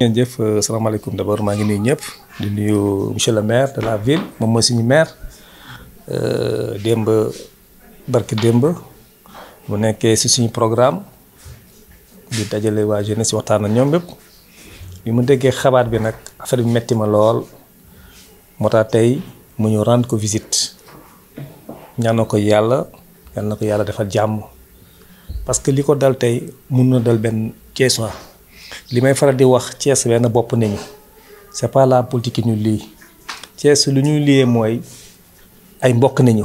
ngeen jëf euh, salaamaaleykum d'abord maa ngi nuyu ñëpp di nuyu monsieur le maire de la ville moom mooy suñu maire euh, démb barke démb mu nekkee si suñu programme di dajale waa jeunesse si waxtaan ak ñoom bépp bi mu déggee xabaat bi nag affaire bi metti ma lool moo tax tey mu ñu rendre ko visite ñaan na ko yàlla ñaan na ko yàlla defal jàmm parce que li ko dal tey mun na dal benn Thiessois li may faral di wax Thiès wenn bopp nañu c'est pas la politique yi ñu lii Thiès lu ñuy lii mooy ay mbokk nañu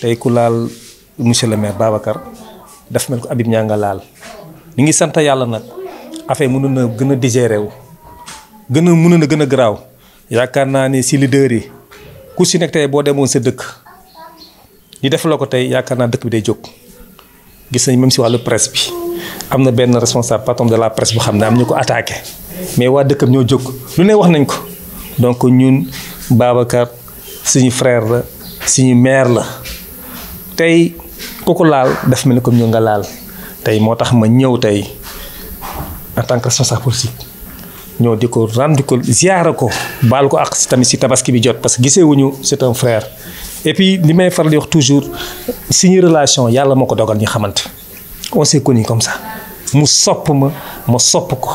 tey ku laal monsieur le maire Babacar daf mel ko Habib ñaa nga laal ñu ngi sant yàlla nag affaire mënu gën a digéré wu gën a mënu na gën a garaaw yaakaar naa ni si yi ku si nekk tey boo demoon sa dëkk ñu def la ko tey yaakaar naa dëkk bi day jóg gis nañ même si wàllu presse bi am na benn responsable patron de la presse bu xam ne am ñu ko attaqué mais waa dëkkam ñoo jóg lu ne wax nañ ko donc ñun Babacar suñu frère la suñu maire la tey ku ko laal daf mel ni comme ñu nga laal tey moo tax ma ñëw tey en tant que responsable politique ñoo di ko rendu ko ziara ko baal ko ak si tamit si tabaski bi jot parce que gisee wuñu c'est un frère et puis li may far li wax toujours suñu relation yàlla moo ko dogal ñu xamante on s'est connu comme ça. mu sopp ma ma sopp ko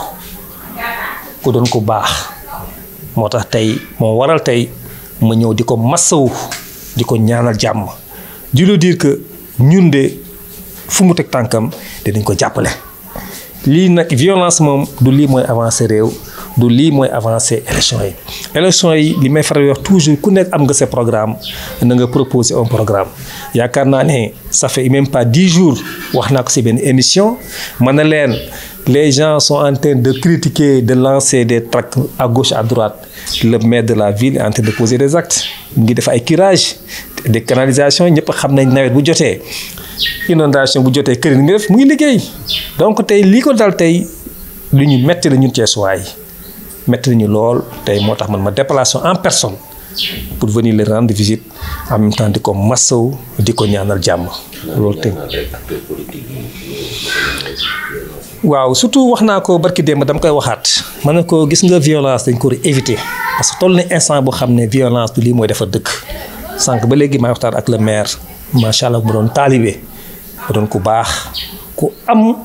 ku doon ko baax moo tax tey moo waral tey ma ñëw di ko massawu di ko ñaanal jàmm di lu dire que ñun de fu mu teg tànkam dinañ ko jàppale lii nag violence moom du lii mooy avancé réew du lii mooy avancé élection yi élection yi li may faral wax toujours ku nekk am nga sa programme na nga proposer un programme yaakaar naa ne ça fait même pas dix jours wax naa ko si benn émission ma ne leen les gens sont en train de critiquer de lancer des tracts à gauche à droite le maire de la ville est en train de poser des actes mu ngi def ay curage des canalisations ñëpp xam nañ nawet bu jotee inondation bu jotee kër yi ngi def mu ngi liggéey donc tey lii ko dal tey lu ñu metti la ñun Ceesuwaay metti nañu lool tey moo tax man ma déplacé en personne pour venir les rendre visite en même temps di ko massaw di ko ñaanal jàmm loolu tënk waaw surtout wax naa ko barki démb dama koy waxaat ma ne ko gis nga violence dañ ko éviter parce que toll na instant boo xam ne violence du lii mooy defar dëkk sànq ba léegi maay waxtaan ak le maire macha allah mu doon taalibe mu doon ku baax ku am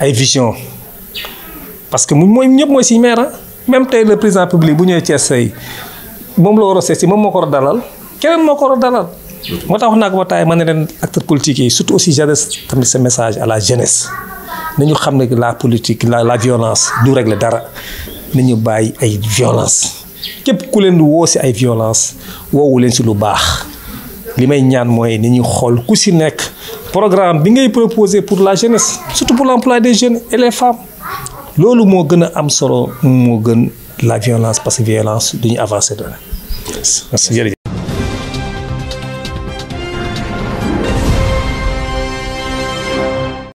ay vision parce que mu mooy ñëpp mooy si maire ah. même tey le président public bu ñëw Thiès say moom la war a seet si moom moo ko war dalal keneen moo ko war dalal. moo tax wax naa ko ba taay ma ne leen acteurs politiques yi surtout aussi j'adresse tamit ce message à la jeunesse nañu xam ne la politique la la violence du régler dara nañu bàyyi ay violence képp ku leen di woo si ay violence woowu leen si lu baax li may ñaan mooy ni ñu xool ku si nekk programme bi ngay proposer pour la jeunesse surtout pour l'emploi des jeunes et les loolu moo gën a am solo moo gën la violence parce que violence du ñu avancer dara